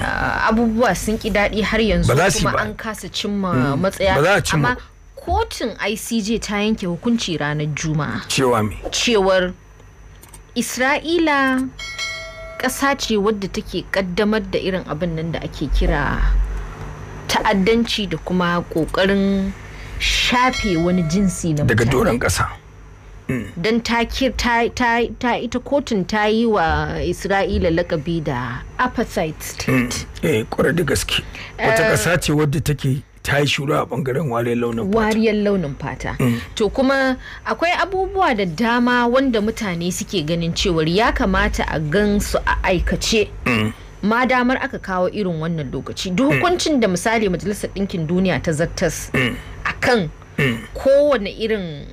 Eh, abubuwa sun ki daɗi har yanzu kuma an kasa cimma hmm. matsaya amma kotun icj ta yanke hukunci ranar juma'a cewa me cewar isra'ila ƙasa ce wadda take ƙaddamar da irin abin nan da ake kira ta'addanci da kuma ƙoƙarin shafe wani jinsi na mutane daga doron ƙasa don ta ta ita kotun ta yi wa isra'ila lakabi da apartheid state mm. eh kwarar da gaske wata kasa eh, ce wadda take ta yi shuru a bangaren wariyar launin fata wariyar launin fata mm. to kuma akwai abubuwa da dama wanda mutane suke ganin cewar ya kamata a gan su a aikace mm. ma damar aka kawo irin wannan lokaci duk hukuncin da misali majalisar ɗinkin duniya ta zartas a kan kowane irin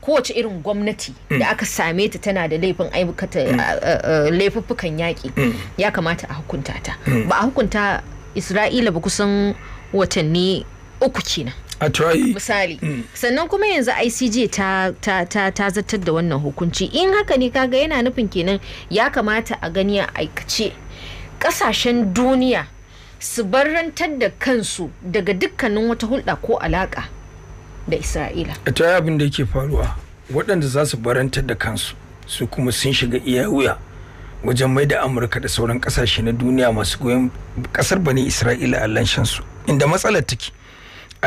kowace irin gwamnati da mm. aka same ta tana da laifin aikata mm. laifuffukan yaƙi mm. ya kamata a hukunta ta ba a hukunta isra'ila ba kusan watanni uku kenan misali sannan kuma yanzu icj ta zartar da wannan hukunci in haka ne kaga yana nufin kenan ya kamata a gani a aikace kasashen duniya su barrantar da kansu daga dukkanin wata hulɗa ko alaƙa da isra'ila ta abin da yake faruwa waɗanda za su barantar da kansu su kuma sun shiga iya wuya wajen mai da amurka da sauran ƙasashe na duniya masu goyon ƙasar bane isra'ila a lanshansu inda matsalar take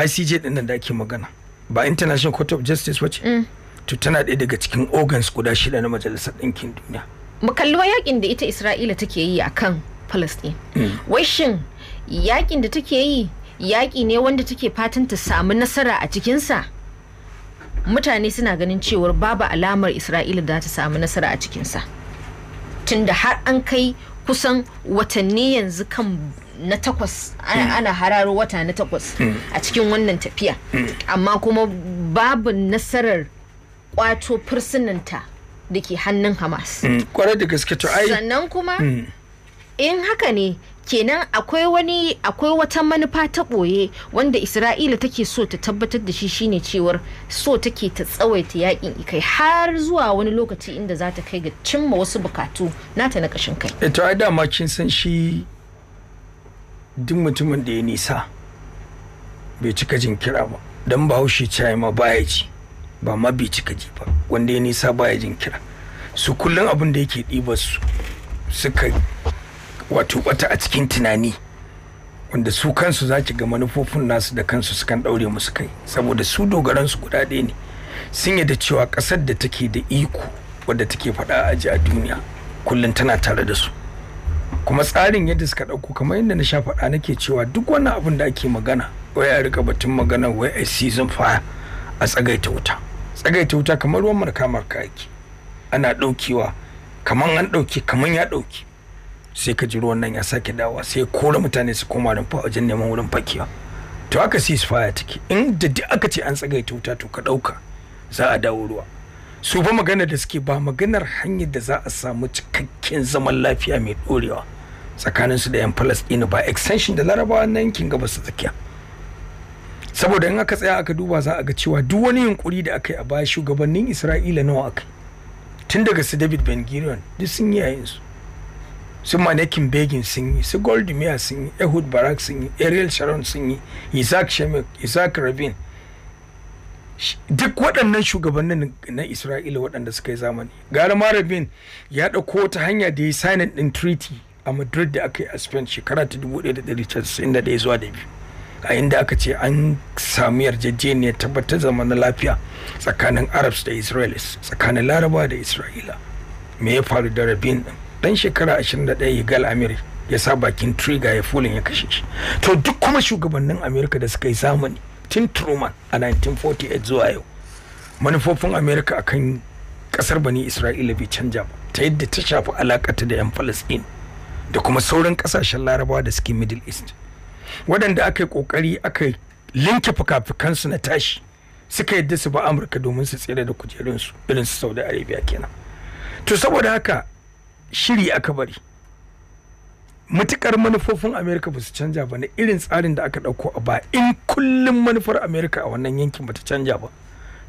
icj ɗin da ake magana ba international court of justice ce mm. to tana ɗaya daga cikin organs guda shida na majalisar ɗinkin duniya mu kalli wa yakin da ita isra'ila take yi akan palestine mm. wai shin yakin da take yi yaƙi ne wanda take fatan ta samu nasara a cikinsa mutane suna ganin cewar babu alamar isra'ila da ta samu nasara a cikinsa tunda har an kai kusan watanni yanzu kan na takwas ana hararo wata na takwas a cikin wannan tafiya amma kuma babu nasarar kwato fursunanta da ke hannun hamas kwarai mm, da gaske to ai sannan kuma mm. in haka ne kenan akwai wani akwai wata manufa ta ɓoye wanda isra'ila take so ta tabbatar da shi shine cewar so take ta tsawaita yakin ikai har zuwa wani lokaci inda za ta kai ga cimma wasu bukatu nata na kashin kai eh, to ai dama kin san shi duk mutumin da ya nisa bai cika jin kira ba dan bahaushe cai ma baya ji ba ma bai cika ji ba wanda ya nisa baya jin kira su kullum abin da yake ɗibar su suka wato wata a cikin tunani wanda su kansu za ki ga manufofin nasu da kansu su kan daure musu kai saboda su dogaransu guda ɗaya ne sun yadda cewa ƙasar da take da iko wadda take faɗa a ji a duniya kullum tana tare da su kuma tsarin yadda suka ɗauko kamar yadda na sha faɗa nake cewa duk wani abin da ake magana wai a rika batun magana wai a season fire a tsagaita wuta tsagaita wuta kamar ruwan marka marka ake ana ɗaukewa kamar an ɗauke kamar ya ɗauke sai ka ji ruwan nan ya sake dawa sai kore mutane su koma rumfa wajen neman wurin fakewa to haka ceasefire take in da duk aka ce an ta wuta to ka ɗauka za a dawo ruwa su fa magana da suke ba maganar hanyar da za a samu cikakken zaman lafiya mai dorewa tsakanin su da yan Falasɗinu ba extension da larabawa na yankin gaba su tsakiya saboda in aka tsaya aka duba za a ga cewa duk wani yunkuri da aka yi a baya shugabannin isra'ila nawa aka tun daga su david ben gurion duk sun yi yayin su su manekin begin sun yi su gold sun yi ehud barak sun yi ariel sharon sun yi isaac shemek isaac rabin duk waɗannan shugabannin na isra'ila waɗanda suka yi zamani gara ma rabin ya ɗauko ta hanya da ya sign ɗin treaty a madrid da aka yi a spain shekara ta dubu da ɗaya zuwa da biyu a inda aka ce an sami yarjejeniyar tabbatar zama na lafiya tsakanin arabs da israelis tsakanin laraba da isra'ila me ya faru da rabin ɗin dan shekara 21 igal amir ya sa bakin trigger ya fulin ya kashe shi to duk kuma shugabannin amerika da suka yi zamani tun truman a 1948 zuwa yau manufofin amerika kan kasar bani isra'ila bai canja ba ta yadda ta shafi alakata da yan falastin da kuma sauran kasashen larabawa da suke middle east waɗanda aka yi ƙoƙari aka linke fuka-fukansu na tashi suka yadda su ba amurka domin su tsere da kujerunsu irin su saudi arabia kenan to saboda haka shiri aka bari matukar manufofin amerika ba su canja ba na irin tsarin da aka ɗauko a ba in kullum manufar amerika a wannan yankin ba ta canja ba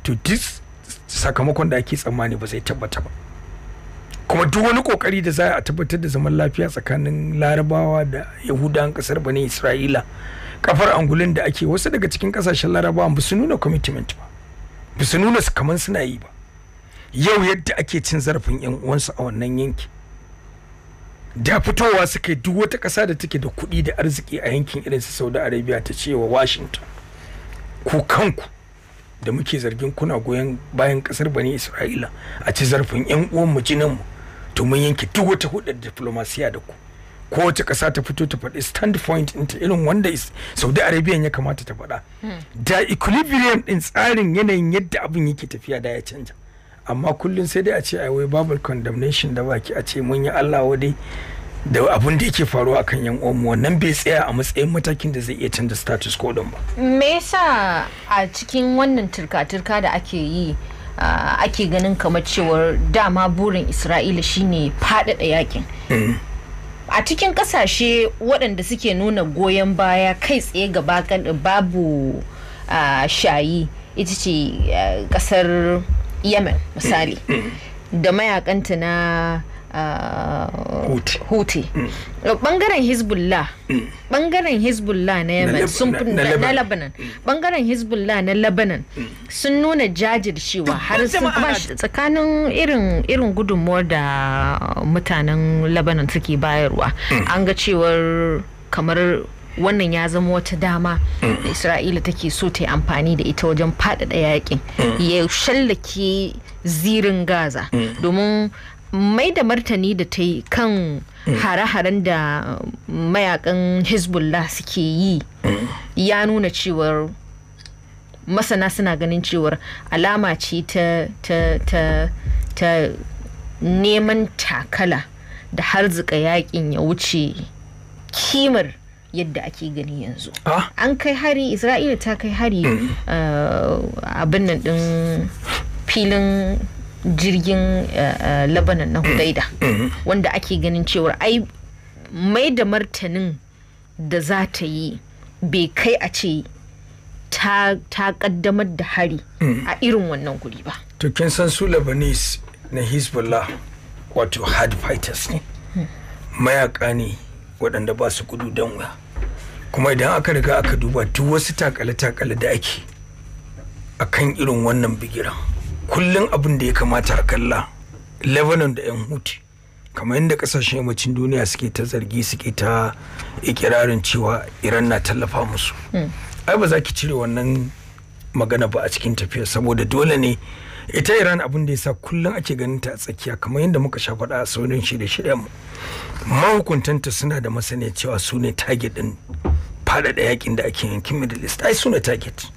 to dis sakamakon da ake tsammani ba zai tabbata ba kuma duk wani kokari da za a tabbatar da zaman lafiya tsakanin larabawa da yahudan kasar bane isra'ila kafar angulin da ake wasu daga cikin kasashen larabawa ba su nuna commitment ba ba su nuna su kamar suna yi ba yau yadda ake cin zarafin yan uwansu a wannan yankin. da fitowa suka yi duk wata ƙasa da take da kuɗi da arziki a yankin irin su saudi arabia ta ce wa washington ku kanku da muke zargin kuna goyon bayan ƙasar bani isra'ila a ci zarfin yan uwanmu jininmu to mun yanke duk wata hudar diplomasiya da ku kowace ƙasa ta fito ta faɗi stand point ta irin wanda saudi arabia ya kamata ta faɗa hmm. da equilibrium ɗin tsarin yanayin yadda abin yake tafiya da ya canja amma kullum sai dai a ce wai babu condemnation da baki a ce mun yi Allah wadai da abun da yake faruwa akan yan uwanmu wannan bai tsaya a matsayin matakin da zai iya canza status quo din ba me yasa a cikin wannan turka-turka da ake yi ake ganin kamar cewar dama burin isra'ila shine faɗaɗa yakin mm. a cikin ƙasashe waɗanda suke nuna goyon baya kai tsaye gaba babu shayi ita ce ƙasar yemen misali da mayakanta na ah, huti bangaren hezbollah bangaren hezbollah na yemen sun na lebanon bangaren hezbollah na lebanon sun nuna jajircewa har sun bashi tsakanin irin irin gudunmuwar da mutanen lebanon suke bayarwa hmm. an ga cewar kamar wannan ya zama wata dama da isra'ila take so ta yi amfani da ita wajen faɗaɗa yaƙin. Mm. ya shallake zirin gaza mm. domin mai da martani da ta yi kan mm. hare-haren da mayakan hezbollah suke yi ya nuna cewar masana suna ganin cewar alama ce ta neman takala da harzika yakin ya wuce kimar yadda ake gani yanzu ah. an kai hari isra'ila ta kai hari mm. eh, abin nan ɗin filin jirgin eh, eh, labanan na mm. hudaida mm. wanda ake ganin cewar ai mai da martanin da za ta yi bai kai a ce ta kaddamar da hari a irin wannan guri ba to kin san su lebanese na hezbollah wato hard fighters ne mayaka ne waɗanda ba su gudu don wuya kuma idan aka riga aka duba duk wasu takale-takale da ake a kan irin wannan bigiran kullum abin da ya kamata a kalla lebanon da 'yan huti kamar yadda kasashen yammacin duniya suke ta zargi suke ta ikirarin cewa iran na tallafa musu hmm. ai ba za ki cire wannan magana ba a cikin tafiya saboda dole ne ita iran abin da ya sa kullum ake ganin ta a tsakiya kamar yadda muka sha faɗa a saurin shirye-shiryen mu mahukuntanta suna da masaniya cewa su ne target ɗin faɗaɗa yakin da ake yankin middle east ai suna target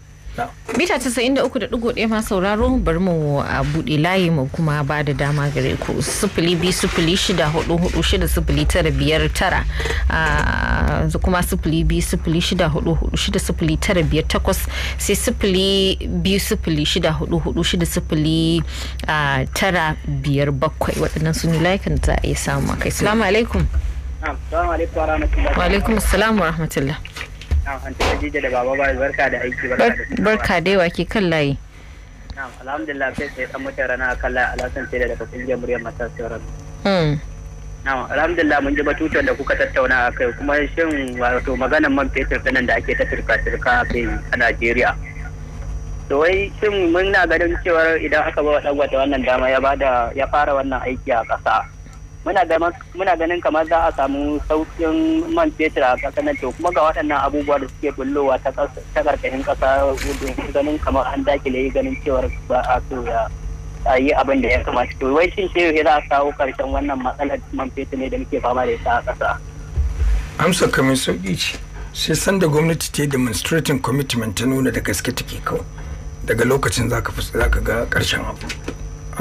mita ta da da uku daya ma sauraro bari mu a ah, buɗe layi mu kuma ba da dama gare ku sufuli bi sufuli shida hudu hudu shida sufuli tara biyar tara ah, kuma sufuli bi sufuli shida hudu hudu shida sufuli tara biyar takwas sai sufuli bi sufuli shida hudu hudu shida sufuli ah, tara biyar bakwai waɗannan su ne za a iya samu a kai salamu alaikum Na'am, assalamu alaikum wa rahmatullah. Wa alaikum assalam wa rahmatullah. Na'am, da baba Baris barka da aiki barka da Barka ke kan layi. alhamdulillah sai sai dan mutar rana kan layi alhassan sai da daga kungiyar murya matasa sauran. Hmm. alhamdulillah mun ji batutan da kuka tattauna a kai kuma shin wato maganar man fetur ganin da ake ta turka a kai a Najeriya. to wai shin mun na ganin cewar idan aka ba wa dangwata wannan dama ya ya fara wannan aiki a ƙasa muna ganin kamar za a samu saukin man fetur a ƙasar nan to kuma ga waɗannan abubuwa da suke bullowa ta ƙarƙashin ƙasa ganin kamar an dakile ganin cewar ba a so ya a yi abin da ya kamata to wai shin ce za a kawo ƙarshen wannan matsalar man fetur ne da muke fama da ita a ƙasa. amsa kamar sauƙi ce sai sanda gwamnati ta yi demonstrating commitment ta nuna da gaske take kawai daga lokacin za ka ga ƙarshen abu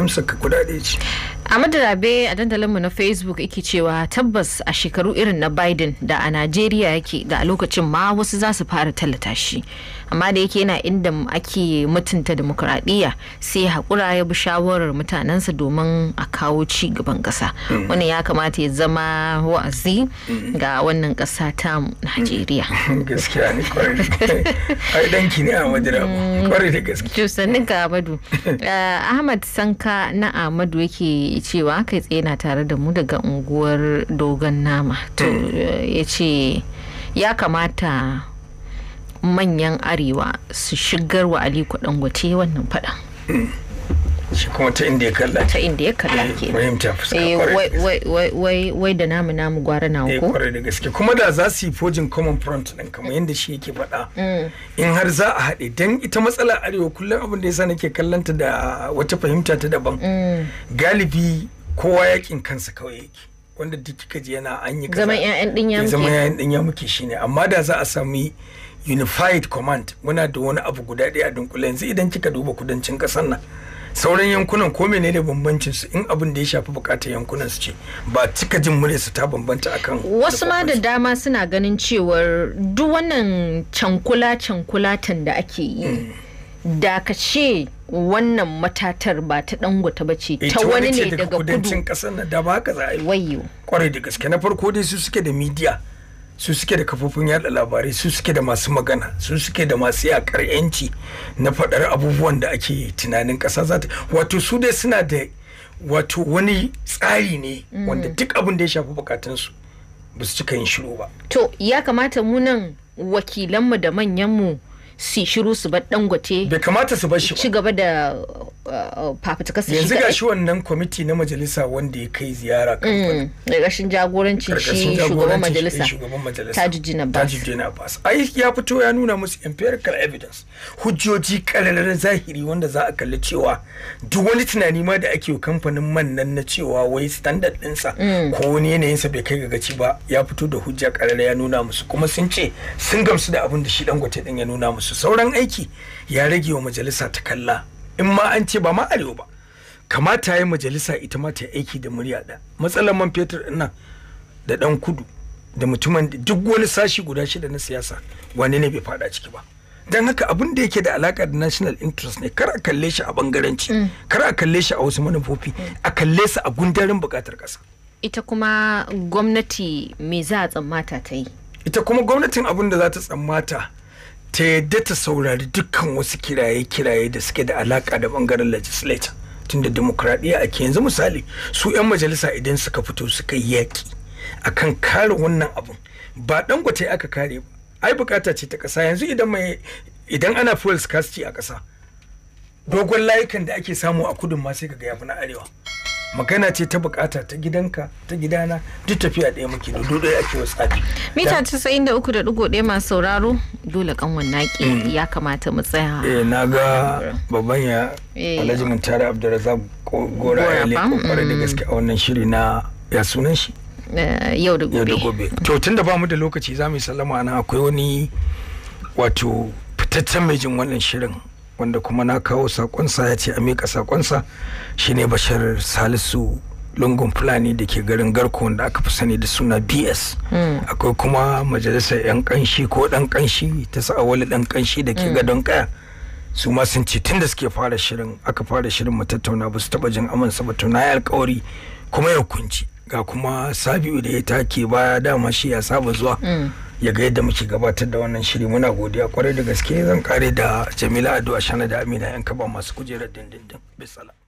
amsa ka kudade ce Ahmadu Rabe a dandalinmu na Facebook yake cewa tabbas a shekaru irin na Biden da a Najeriya yake da a lokacin ma wasu za su fara tallata shi. Amma da yake yana inda ake mutunta demokuraɗiyya sai haƙura ya bi shawarar mutanensa domin a kawo ci gaban ƙasa. Mm. wani ya kamata ya zama wa'azi mm. ga wannan ƙasa ta mm. Najeriya. Gaskiya ne ne eh, Ahmad Sanka na amadu yake cewa kai tsaye na tare da mu daga unguwar dogon nama to ya ce ya kamata manyan arewa su shigar wa aliko dangote wannan faɗan shi kuma ta inda ya kalla ta inda ya kalla eh, ke fahimta fuska eh, wai da namu namu gwara na eh, ko kwarai da gaske kuma da za su yi fojin common front din kamar yadda shi yake faɗa mm. in har za a haɗe dan ita matsala arewa kullum abin da yasa nake kallanta da wata fahimta ta daban mm. galibi kowa yakin kansa kawai yake wanda duk kika ji yana an yi zaman yayan din ya muke zaman din ya muke amma da za a sami unified command muna da wani abu guda ɗaya a dunkule yanzu idan kika duba kudancin ƙasar nan sauran yankunan ko da bambancin su in abin da ya shafi bukatar yankunan su ce ba cika jin mure su ta bambanta akan wasu ma da dama suna ganin cewar duk wannan cankula cankulatan da ake yi hmm. da ka ce wannan matatar ba ta dangota ba ce ta wani ne daga kudancin kasar na da ba haka za a yi kwarai da gaske na farko dai su suke da midiya su suke da kafofin yada labarai su suke da masu magana su suke da masu yakar yanci na faɗar abubuwan da ake tunanin ƙasa za ta wato su dai suna da wato wani tsari ne mhm. wanda duk abin da ya shafi bukatunsu ba su cika yin shiru ba to ya kamata mu nan wakilanmu da manyanmu su shiru su bar dangote bai kamata su bar shi ci gaba da uh, fafutuka su yanzu ga shi wannan kwamiti na majalisa wanda ya kai ziyara kamfanin mm, ƙarƙashin jagorancin shi eh, shugaban majalisa ta abbas ya fito ya nuna musu empirical evidence hujjoji kalalar zahiri wanda za a kalli cewa duk wani tunani ma da ake kamfanin man nan na cewa wai standard ɗinsa mm. ko wani sa bai kai ga gaci ba ya fito da hujja ƙararra ya nuna musu kuma sun ce sun gamsu da abin da shi dangote din ya nuna musu su sauran aiki ya rage wa majalisa ta kalla in ma an ce ba ma arewa ba kamata ya majalisa ita ma ta aiki da murya da matsalar man fetur ina da dan kudu da mutumin duk wani sashi guda shida na siyasa wani ne bai fada ciki ba don haka abin da yake da alaka da national interest ne kar a kalle shi a bangaranci mm. kar a kalle shi a wasu manufofi mm. a kalle su a gundarin bukatar kasa ita kuma gwamnati me za a tsammata ta yi ita kuma gwamnatin abin da za ta tsammata ta yadda ta saurari dukkan wasu kiraye-kiraye da suke da alaka da bangaren legislature tunda demokradiyya ake yanzu misali su 'yan majalisa idan suka fito suka yi yaƙi kan kare wannan abin ba dangote aka kare ba ai bukata ce ta ƙasa yanzu idan mai idan ana fuel scarcity a ƙasa dogon layukan da ake samu a kudun ma sai ka ga yafi na arewa magana ce ta bukata ta gidanka ta gidana duk tafiya ɗaya muke da dole ake wasu ake. mita casa'in da uku da ɗigo ɗaya masu sauraro dole kan wannan mm. ya kamata mu tsaya. eh na ga babban ya eh. alhaji tara abdulrazak gora ya leƙo kwarai da mm. gaske a wannan shiri na ya sunan shi. Eh, yau da gobe. yau da gobe. to tun da ba mu da lokaci za mu yi sallama na akwai wani wato fitaccen mai jin wannan shirin wanda kuma na kawo sakonsa ya ce a miƙa sakonsa shine bashar salisu lungun fulani da ke garin garko wanda aka fi sani da suna bs hmm. akwai kuma majalisar yan kanshi ko dan kanshi ta sa sa'awali dan kanshi da ke hmm. gadon kaya su ma sun ce tun da suke fara shirin aka fara shirin matattauna ba su taba jin amansa ba tuna ya alkawari kuma ya kunci ga kuma sabiu da ya take baya dama shi ya saba zuwa hmm. ya ga yadda muke gabatar da wannan shiri muna godiya kwarai da gaske zan kare da jamila addu'a shana da amina yan kaba masu kujerar dindindin bisala